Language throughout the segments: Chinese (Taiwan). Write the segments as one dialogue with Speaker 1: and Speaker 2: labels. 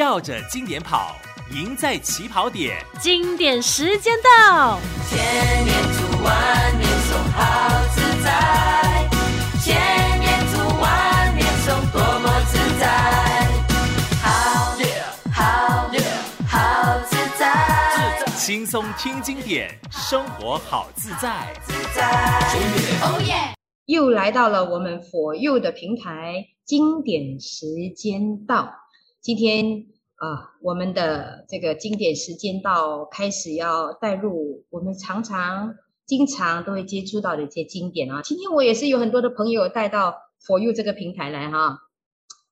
Speaker 1: 繞着經典跑，贏在起跑點。經典時間到。千年圖萬年松，好自在。千年圖萬年松，多麼自在。好
Speaker 2: yeah, 好在。Yeah, 好, yeah, 好自在
Speaker 1: 自。輕鬆聽經典，yeah, 生活好自
Speaker 2: 在。自在。哦耶、oh, yeah！又來到了我們火熱的平台，經典時間到。今天啊，我們的這個經典時間到，開始要帶入我們常常、經常都會接觸到的一些經典啊。今天我也是有很多的朋友帶到佛 u 這個平台來哈、啊。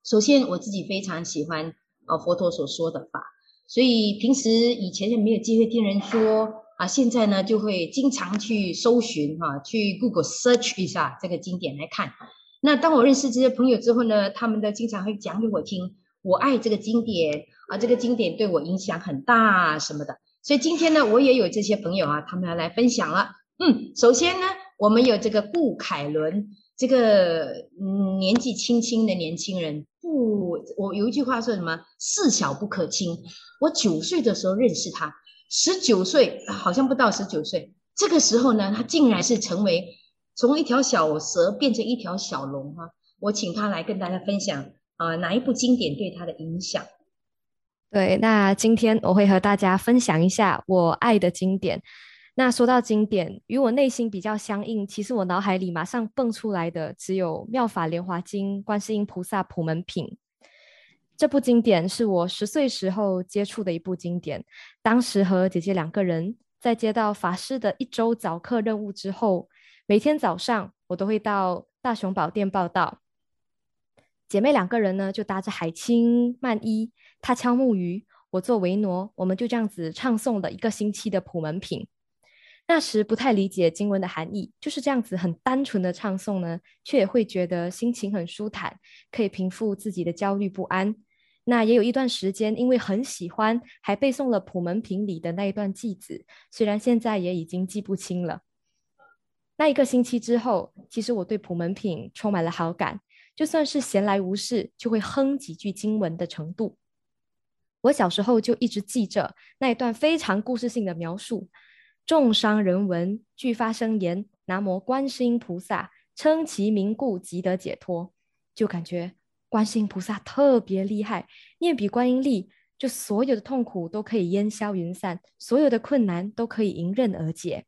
Speaker 2: 首先，我自己非常喜歡呃佛陀所說的法，所以平時以前也沒有機會聽人說啊，現在呢就會經常去搜尋哈、啊，去 Google search 一下這個經典來看。那當我認識這些朋友之後呢，他們都經常會講給我聽。我愛這個經典啊，這個經典對我影響很大，什麼的。所以今天呢，我也有這些朋友啊，他們要來分享了。嗯，首先呢，我們有這個辜楷綸，這個、嗯、年紀輕輕的年輕人。辜，我有一句話說什麼？四小不可輕。我九歲的時候認識他，十九歲好像不到十九歲。這個時候呢，他竟然是成為從一條小蛇變成一條小龍哈、啊。我請他來跟大家分享。啊、呃，哪一部經典對他的影響？
Speaker 3: 對，那今天我會和大家分享一下我愛的經典。那說到經典，與我內心比較相應，其實我腦海裡馬上蹦出來的只有《妙法蓮華經》《觀世音菩薩普門品》這部經典，是我十歲時候接觸的一部經典。當時和姐姐兩個人在接到法師的一周早課任務之後，每天早上我都會到大雄寶殿報到。姐妹兩個人呢，就搭着海青縵衣，她敲木魚，我做維那，我們就這樣子唱誦了一個星期的普門品。那時不太理解經文的含義，就是這樣子很單純的唱誦呢，卻也會覺得心情很舒坦，可以平復自己的焦慮不安。那也有一段時間，因為很喜歡，還背誦了普門品裡的那一段偈子，雖然現在也已經記不清了。那一個星期之後，其實我對普門品充滿了好感。就算是閒來無事，就會哼幾句經文的程度。我小時候就一直記着那一段非常故事性的描述：眾商人聞，俱發聲言，南無觀世音菩薩，稱其名故，即得解脫。就感覺觀世音菩薩特別厲害，念彼觀音力，就所有的痛苦都可以煙消雲散，所有的困難都可以迎刃而解。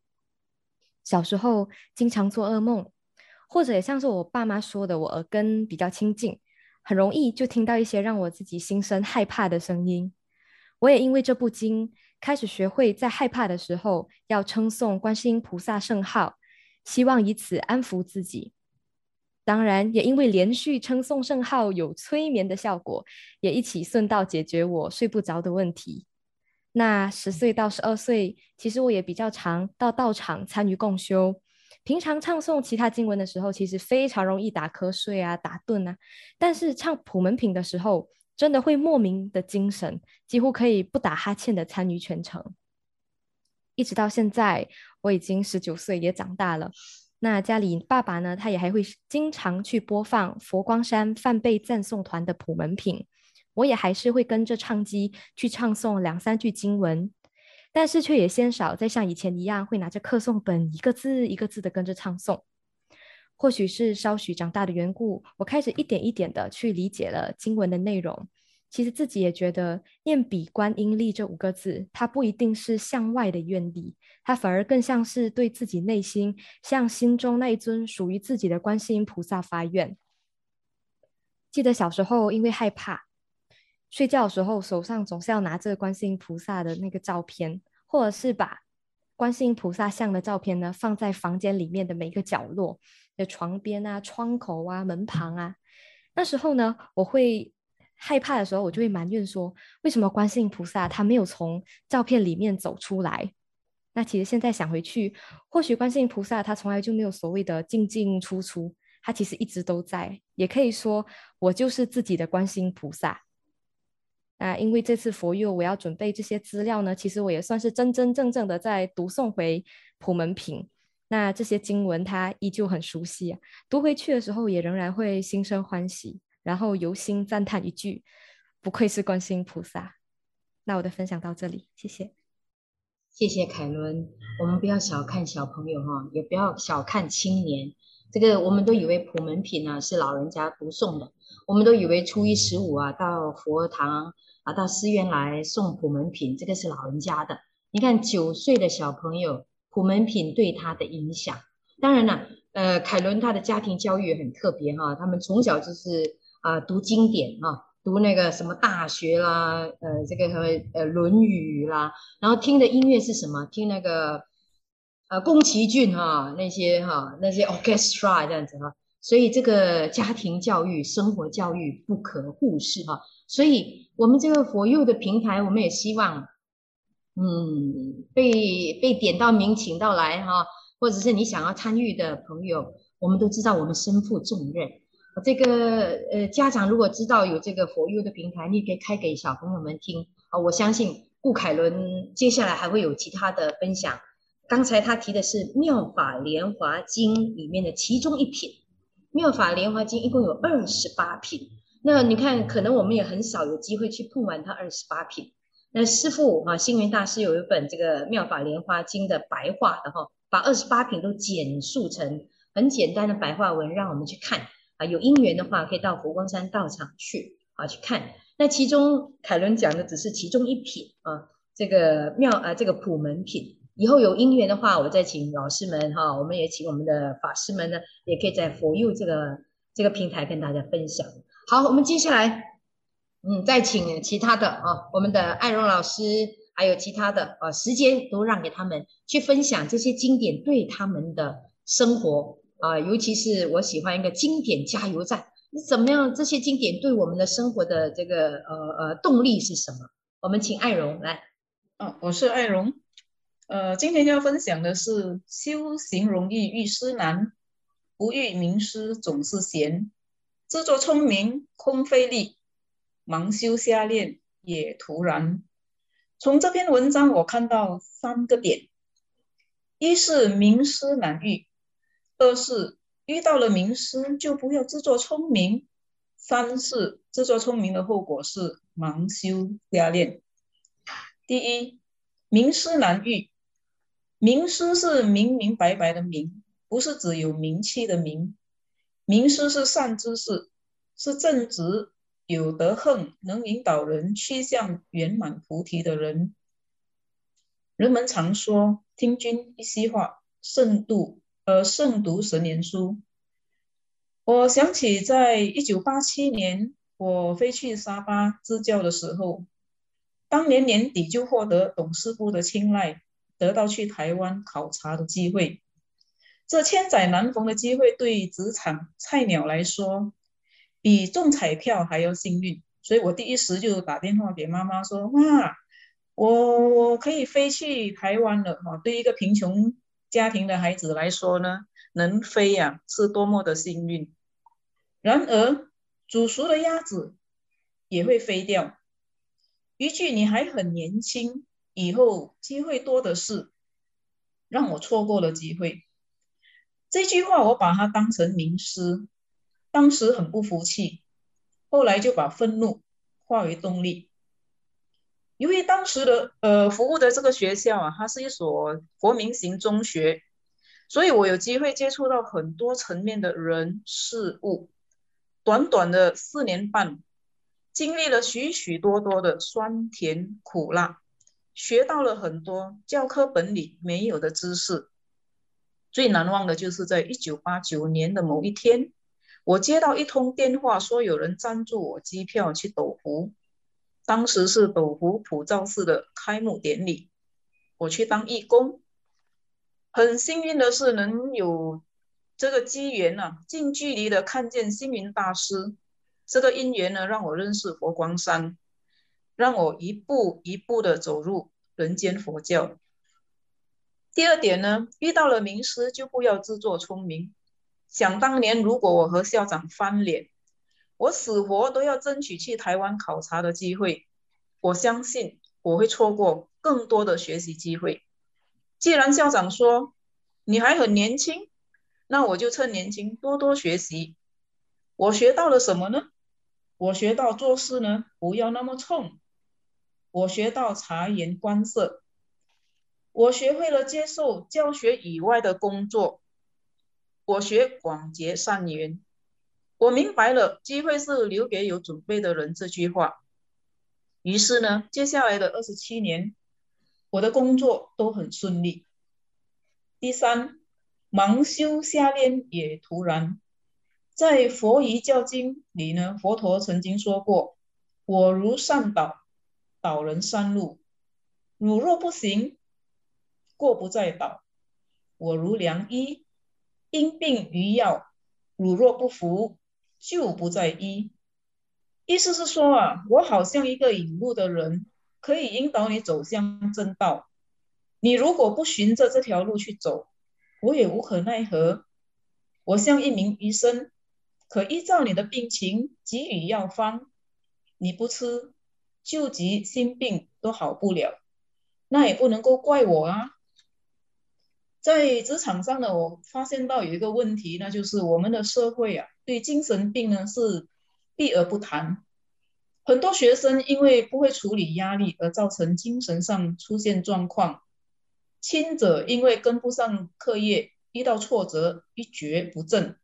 Speaker 3: 小時候經常做噩夢。或者也像是我爸媽說的，我耳根比較清淨，很容易就聽到一些讓我自己心生害怕的聲音。我也因為這不禁開始學會在害怕的時候要稱頌觀世音菩薩聖號，希望以此安撫自己。當然，也因為連續稱頌聖號有催眠的效果，也一起順道解決我睡不着的問題。那十歲到十二歲，其實我也比較常到道場參與共修。平常唱誦其他經文的時候，其實非常容易打瞌睡啊、打盹啊，但是唱普門品的時候，真的會莫名的精神，幾乎可以不打哈欠的參與全程。一直到現在，我已經十九歲，也長大了。那家裡爸爸呢，他也還會經常去播放佛光山梵唄讚頌團的普門品，我也還是會跟着唱機去唱誦兩三句經文。但是卻也鮮少再像以前一樣，會拿着課誦本一個字一個字的跟着唱誦。或許是稍許長大的緣故，我開始一點一點的去理解了經文的內容。其實自己也覺得念“念彼觀音力”這五個字，它不一定是向外的願力，它反而更像是對自己內心，向心中那一尊屬於自己的觀世音菩薩發願。記得小時候，因為害怕。睡覺的時候，手上總是要拿着觀世音菩薩的那個照片，或者是把觀世音菩薩像的照片呢放在房間裡面的每一個角落，的床邊啊、窗口啊、門旁啊。那時候呢，我會害怕的時候，我就會埋怨說：“為什麼觀世音菩薩他沒有從照片裡面走出來？”那其實現在想回去，或許觀世音菩薩他從來就沒有所謂的進進出出，他其實一直都在。也可以說，我就是自己的觀世音菩薩。啊、因為這次佛佑，我要準備這些資料呢。其實我也算是真真正正的在讀誦回普門品。那這些經文，它依舊很熟悉，啊，讀回去的時候也仍然會心生歡喜，然後由心讚嘆一句：“不愧是觀世音菩薩。”那我的分享到這裡，謝謝。
Speaker 2: 謝謝凱倫。我們不要小看小朋友哈，哦，也不要小看青年。這個我們都以為普門品呢，啊、是老人家讀誦的，我們都以為初一十五啊到佛堂。啊，到寺院來送普門品，這個是老人家的。你看九歲的小朋友，普門品對他的影響。當然了，呃，楷綸他的家庭教育很特別哈，他們從小就是啊、呃、讀經典哈，讀那個什麼大學啦，呃，這個和呃《論語》啦，然後聽的音樂是什麼？聽那個呃宮崎駿哈那些哈那些 Orchestra 這樣子哈，所以這個家庭教育、生活教育不可忽視哈。所以，我們這個佛幼的平台，我們也希望，嗯，被被點到名，請到來哈，或者是你想要參與的朋友，我們都知道，我們身負重任。這個呃，家長如果知道有這個佛幼的平台，你也可以開給小朋友們聽啊。我相信辜楷綸接下來還會有其他的分享。剛才他提的是《妙法蓮華經》裡面的其中一品，《妙法蓮華經》一共有二十八品。那你看，可能我們也很少有機會去碰完它二十八品。那師父啊，星雲大師有一本這個《妙法蓮華經》的白話的，然後把二十八品都簡述成很簡單的白話文，讓我們去看啊。有因緣的話，可以到佛光山道場去啊去看。那其中楷綸講的只是其中一品啊，這個妙啊，這個普門品。以後有因緣的話，我再請老師們哈，我們也請我們的法師們呢，也可以在佛佑這個這個平台跟大家分享。好，我們接下來，嗯，再請其他的啊，我們的愛蓉老師，還有其他的啊，時間都讓給他們去分享這些經典對他們的生活啊，尤其是我喜歡一個經典加油站，你怎麼樣？這些經典對我們的生活的這個呃呃動力是什麼？我們
Speaker 4: 請愛蓉來。嗯，我是愛蓉，呃，今天要分享的是修行容易遇師難，不遇明師總是閒。自作聰明空費力，盲修瞎練也徒然。從這篇文章我看到三個點：一是名師難遇；二是遇到了名師就不要自作聰明；三是自作聰明的後果是盲修瞎練。第一，名師難遇。名師是明明白白的“明”，不是指有名氣的“名”。名師是善知識，是正直、有德行、能引導人趨向圓滿菩提的人。人們常說：“聽君一席話，勝讀呃勝讀十年書。”我想起在1987年，在一九八七年我飛去沙巴支教的時候，當年年底就獲得董事部的青睞，得到去台灣考察的機會。這千載難逢的機會，對職場菜鳥來說，比中彩票還要幸運。所以我第一時就打電話給媽媽說：“哇，我我可以飛去台灣了。”哈，對一個貧窮家庭的孩子來說呢，能飛呀、啊，是多麼的幸運。然而，煮熟的鴨子也會飛掉。一句“你還很年輕，以後機會多的是”，讓我錯過了機會。這句話我把它當成名師，當時很不服氣，後來就把憤怒化為動力。由於當時的呃服務的這個學校啊，它是一所國民型中學，所以我有機會接觸到很多層面的人事物。短短的四年半，經歷了許許多多的酸甜苦辣，學到了很多教科本裡沒有的知識。最難忘的就是在一九八九年的某一天，我接到一通電話，說有人贊助我機票去斗湖，當時是斗湖普照寺的開幕典禮，我去當義工。很幸運的是能有這個機緣吶、啊，近距離的看見星雲大師，這個因緣呢讓我認識佛光山，讓我一步一步的走入人間佛教。第二點呢，遇到了名師就不要自作聰明。想當年，如果我和校長翻臉，我死活都要爭取去台灣考察的機會。我相信我會錯過更多的學習機會。既然校長說你還很年輕，那我就趁年輕多多學習。我學到了什麼呢？我學到做事呢，不要那麼衝。我學到察言觀色。我學會了接受教學以外的工作，我學廣結善緣，我明白了“機會是留給有準備的人”這句話。於是呢，接下來的二十七年，我的工作都很順利。第三，盲修瞎練也徒然。在佛遺教經裡呢，佛陀曾經說過：“我如善導，導人善路；汝若不行。”過不在導，我如良醫，因病與藥，汝若不服，就不在醫。意思是說啊，我好像一個引路的人，可以引導你走向正道。你如果不循着這條路去走，我也無可奈何。我像一名醫生，可依照你的病情給予藥方。你不吃，救急心病都好不了，那也不能夠怪我啊。在職場上呢，我發現到有一個問題，那就是我們的社會啊，對精神病呢是避而不談。很多學生因為不會處理壓力而造成精神上出現狀況，輕者因為跟不上課業，遇到挫折一蹶不振；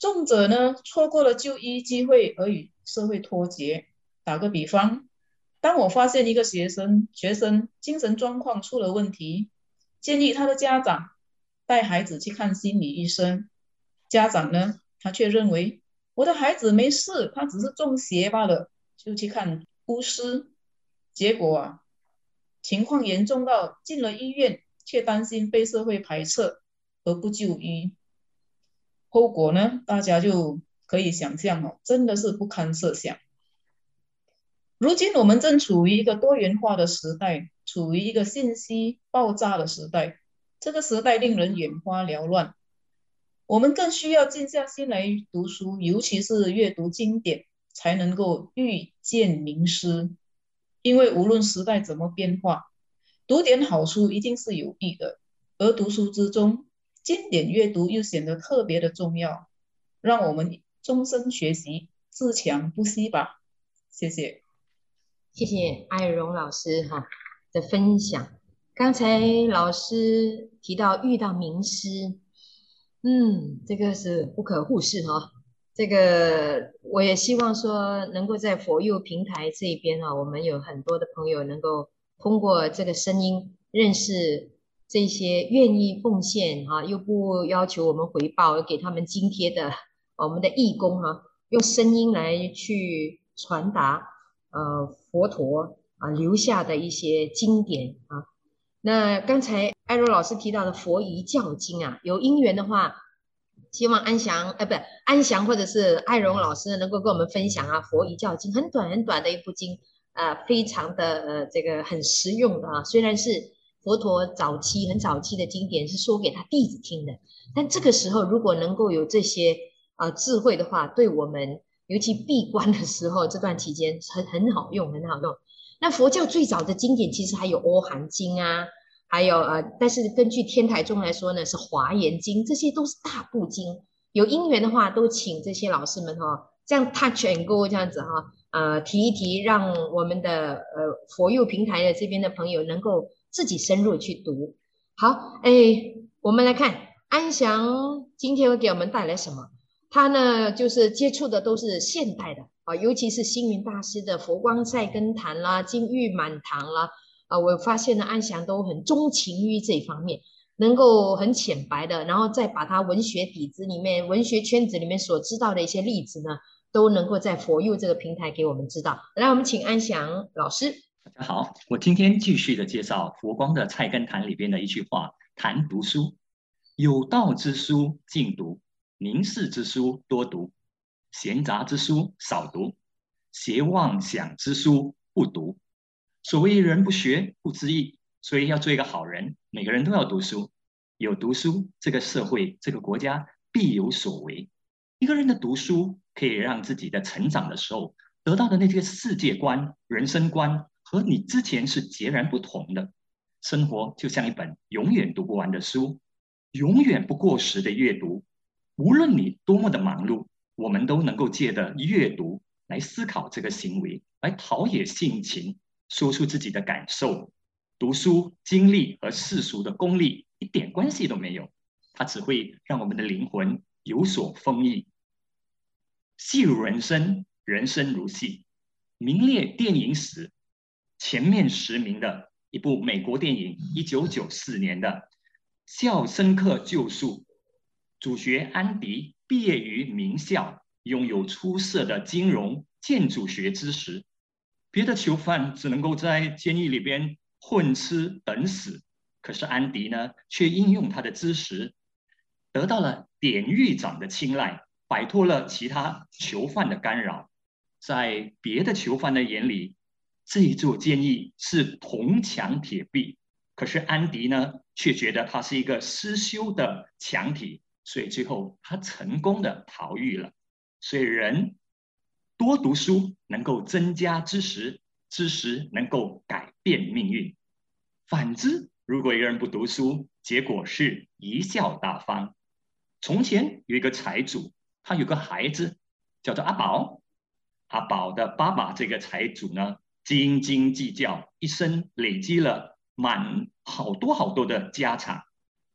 Speaker 4: 重者呢，錯過了就醫機會而與社會脫節。打個比方，當我發現一個學生，學生精神狀況出了問題。建議他的家長帶孩子去看心理醫生。家長呢，他卻認為我的孩子沒事，他只是中邪罷了，就去看巫師。結果啊，情況嚴重到進了醫院，卻擔心被社會排斥，而不就醫。後果呢，大家就可以想象了，真的是不堪設想。如今我們正處於一個多元化的時代。處於一個信息爆炸的時代，這個時代令人眼花繚亂。我們更需要靜下心來讀書，尤其是閱讀經典，才能夠遇見名師。因為無論時代怎麼變化，讀點好書一定是有益的。而讀書之中，經典閱讀又顯得特別的重要。讓我們終身學習，自強不息吧。謝謝，謝謝愛蓉
Speaker 2: 老師哈。的分享，剛才老師提到遇到名師，嗯，這個是不可忽視哈。這個我也希望說，能夠在佛佑平台這一邊哈、啊，我們有很多的朋友能夠通過這個聲音認識這些願意奉獻哈、啊，又不要求我們回報，給他們津貼的我們的義工哈、啊，用聲音來去傳達呃佛陀。啊，留下的一些經典啊，那剛才愛蓉老師提到的《佛遺教經》啊，有因緣的話，希望安翔呃，哎、不，安翔或者是愛蓉老師能夠跟我們分享啊，《佛遺教經》很短很短的一部經啊、呃，非常的呃這個很實用的啊，雖然是佛陀早期很早期的經典，是說給他弟子聽的，但這個時候如果能夠有這些啊、呃、智慧的話，對我們尤其閉關的時候這段期間很很好用，很好用。那佛教最早的經典其實還有《阿含經》啊，還有呃，但是根據天台宗來說呢，是《華嚴經》，這些都是大部經。有因緣的話，都請這些老師們哈，這樣 touch and go 這樣子哈，呃，提一提，讓我們的呃佛佑平台的這邊的朋友能夠自己深入去讀。好，哎，我們來看安翔今天會給我們帶來什麼？他呢，就是接觸的都是現代的。啊、呃，尤其是星雲大師的《佛光菜根譚》啦，《金玉滿堂》啦，啊、呃，我發現了安翔都很鍾情於這方面，能夠很淺白的，然後再把他文學底子裡面、文學圈子裡面所知道的一些例子呢，都能夠在佛佑這個平台給我們知道。來，我們請安翔老師。
Speaker 1: 大家好，我今天繼續的介紹《佛光的菜根譚》裡邊的一句話：談讀書，有道之書盡讀，明事之書多讀，閒雜之書少讀，邪妄想之書不讀。所謂人不學不知義，所以要做一個好人。每個人都要讀書，有讀書，這個社會、這個國家必有所為。一個人的讀書，可以讓自己的成長的時候得到的那些世界觀、人生觀，和你之前是截然不同的。生活就像一本永遠讀不完的書，永遠不過時的閱讀。無論你多麼的忙碌，我們都能夠借着閱讀來思考這個行為，來陶冶性情，說出自己的感受。讀書經歷和世俗的功利一點關係都沒有，它只會讓我們的靈魂有所豐盈。戲如人生，人生如戲。名列電影史前面十名的一部美國電影，一九九四年的《肖申克救贖》，主角安迪。畢業於名校，擁有出色的金融、建築學知識。別的囚犯只能夠在監獄裡邊混吃等死，可是安迪呢，卻應用他的知識，得到了典獄長的青睞，擺脫了其他囚犯的干擾。在別的囚犯的眼裡，這座監獄是銅牆鐵壁，可是安迪呢，卻覺得它是一個失修的牆體。所以最後他成功的逃獄了。所以人多讀書能夠增加知識，知識能夠改變命運。反之，如果一個人不讀書，結果是貽笑大方。從前有一個財主，他有個孩子叫做阿寶。阿寶的爸爸這個財主呢，斤斤計較，一生累積了滿好多好多的家產。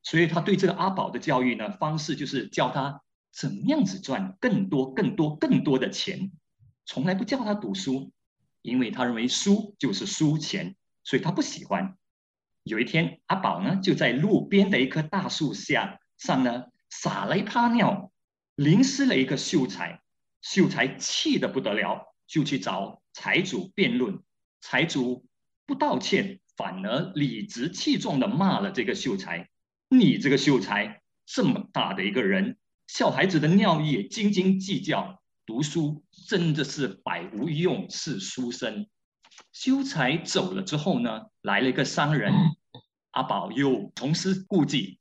Speaker 1: 所以他對這個阿寶的教育呢，方式就是教他怎麼樣子賺更多、更多、更多的錢，從來不教他讀書，因為他認為書就是輸錢，所以他不喜歡。有一天，阿寶呢就在路邊的一棵大樹下上呢撒了一泡尿，淋濕了一個秀才，秀才氣得不得了，就去找財主辯論，財主不道歉，反而理直氣壯的罵了這個秀才。你這個秀才，這麼大的一個人，小孩子的尿液也斤斤計較，讀書真的是百無一用是書生。秀才走了之後呢，來了一個商人，嗯、阿寶又重施故技。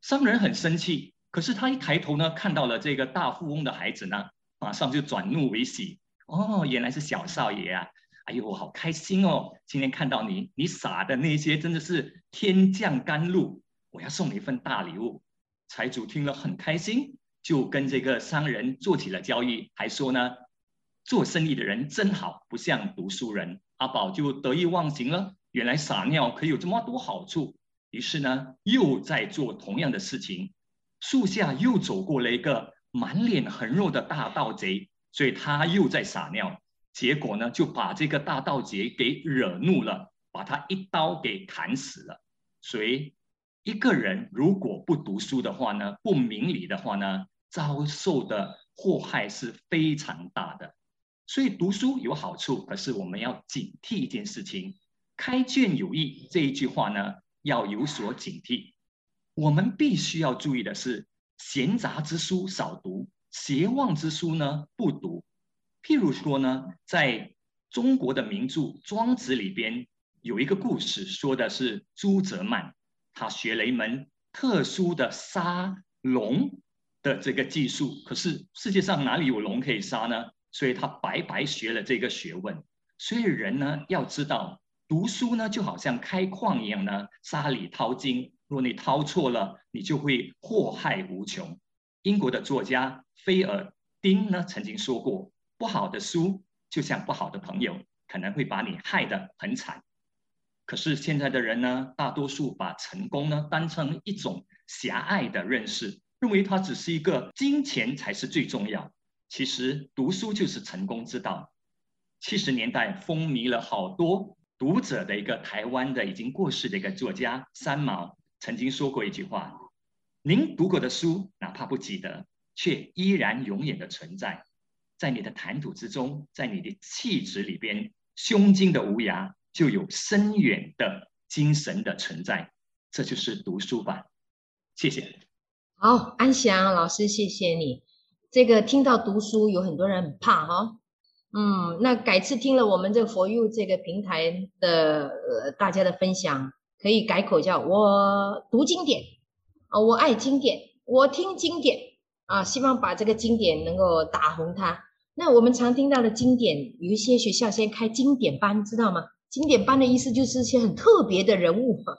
Speaker 1: 商人很生氣，可是他一抬頭呢，看到了這個大富翁的孩子呢，馬上就轉怒為喜。哦，原來是小少爺啊！哎呦，我好開心哦！今天看到你，你撒的那些真的是天降甘露。我要送你一份大禮物。財主聽了很開心，就跟這個商人做起了交易，還說呢，做生意的人真好，不像讀書人。阿寶就得意忘形了，原來撒尿可以有這麼多好處。於是呢，又在做同樣的事情。樹下又走過了一個滿臉橫肉的大盜賊，所以他又在撒尿，結果呢，就把這個大盜賊給惹怒了，把他一刀給砍死了。所以。一個人如果不讀書的話呢，不明理的話呢，遭受的禍害是非常大的。所以讀書有好處，可是我們要警惕一件事情，“開卷有益”這一句話呢，要有所警惕。我們必須要注意的是，閒雜之書少讀，邪妄之書呢不讀。譬如說呢，在中國的名著《莊子》裡邊有一個故事，說的是朱澤曼。他學了一門特殊的殺龍的這個技術，可是世界上哪裡有龍可以殺呢？所以他白白學了這個學問。所以人呢，要知道讀書呢，就好像開礦一樣呢，沙裡淘金。若你淘錯了，你就會禍害無窮。英國的作家菲爾丁呢，曾經說過，不好的書就像不好的朋友，可能會把你害得很慘。可是現在的人呢，大多數把成功呢當成一種狹隘的認識，認為它只是一個金錢才是最重要。其實讀書就是成功之道。七十年代風靡了好多讀者的一個台灣的已經過世的一個作家三毛曾經說過一句話：“您讀過的書，哪怕不記得，卻依然永遠的存在，在你的談吐之中，在你的氣質裡邊，胸襟的無涯。”就有深遠的精神的存在，這就是讀書吧。謝謝。
Speaker 2: 好、oh，安翔老師，謝謝你。這個聽到讀書有很多人很怕哈、哦，嗯，那改次聽了我們這個 For You 這個平台的、呃、大家的分享，可以改口叫我讀經典啊、哦，我愛經典，我聽經典啊，希望把這個經典能夠打紅它。那我們常聽到的經典，有一些學校先開經典班，知道嗎？經典班的意思就是一些很特別的人物、啊，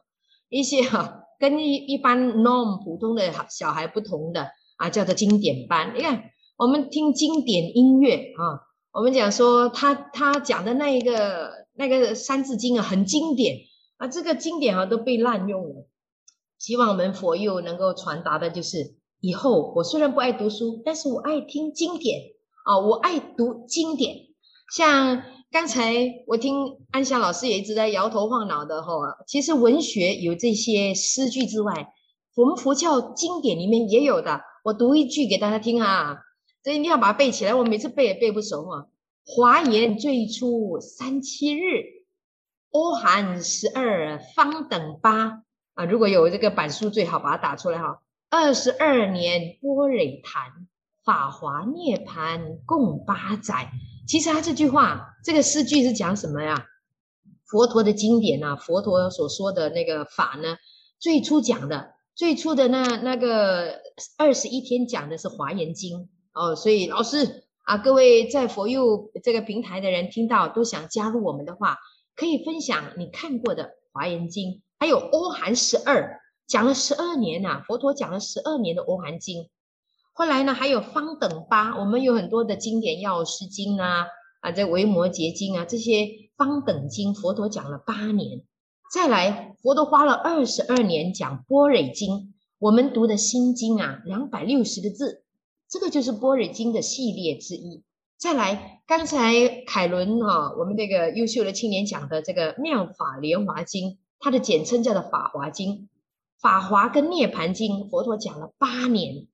Speaker 2: 一些哈、啊、跟一一般 norm 普通的小孩不同的啊，叫做經典班。你看，我們聽經典音樂啊，我們講說他他講的那一個那個《三字經》啊，很經典啊。這個經典啊，都被濫用了。希望我們佛友能夠傳達的就是，以後我雖然不愛讀書，但是我愛聽經典啊，我愛讀經典，像。剛才我聽安翔老師也一直在搖頭晃腦的哈，其實文學有這些詩句之外，我們佛教經典裡面也有的，我讀一句給大家聽啊，這一定要把它背起來，我每次背也背不熟啊。華嚴最初三七日，阿含十二方等八啊，如果有這個板書最好把它打出來哈。二十二年般若談，法華涅槃共八載。其實他這句話，這個詩句是講什麼呀？佛陀的經典吶、啊，佛陀所說的那個法呢，最初講的，最初的那那個二十一天講的是《華嚴經》哦。所以老師啊，各位在佛佑這個平台的人聽到都想加入我們的話，可以分享你看過的《華嚴經》，還有《阿含十二》，講了十二年吶、啊，佛陀講了十二年的《阿含經》。後來呢，還有方等八，我們有很多的經典，《藥師經》啊，啊，這《維摩詰經》啊，這些方等經，佛陀講了八年。再來，佛陀花了二十二年講《般若經》，我們讀的《心經》啊，兩百六十個字，這個就是《般若經》的系列之一。再來，剛才楷綸啊，我們那個優秀的青年講的這個《妙法蓮華經》，它的簡稱叫做《法華經》，法華跟《涅槃經》，佛陀講了八年。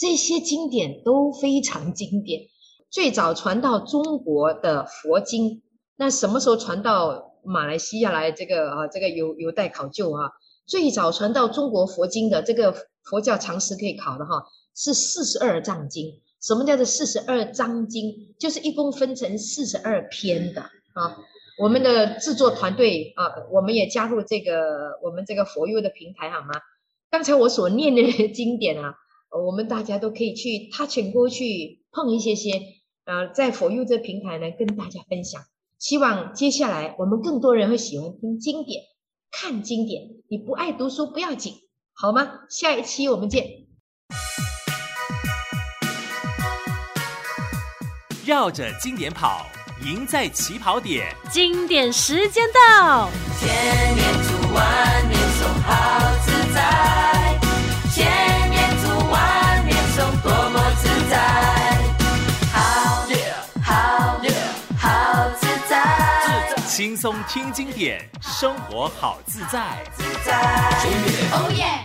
Speaker 2: 這些經典都非常經典，最早傳到中國的佛經，那什麼時候傳到馬來西亞來？這個啊，這個有有待考究啊。最早傳到中國佛經的這個佛教常識可以考的哈、啊，是四十二章經。什麼叫做四十二章經？就是一共分成四十二篇的啊。我們的制作團隊啊，我們也加入這個我們這個佛優的平台好嗎、啊？剛才我所念的經典啊。我們大家都可以去，他全國去碰一些些，呃，在 For You 這平台呢跟大家分享。希望接下來我們更多人會喜歡聽經典，看經典。你不愛讀書不要緊，好嗎？下一期我們見。
Speaker 1: 繞着經典跑，贏在起跑點。經典
Speaker 2: 時間到。千年讀萬年書，好
Speaker 4: 自在。
Speaker 1: 輕鬆聽經典，生活好
Speaker 2: 自在。自在，哦耶！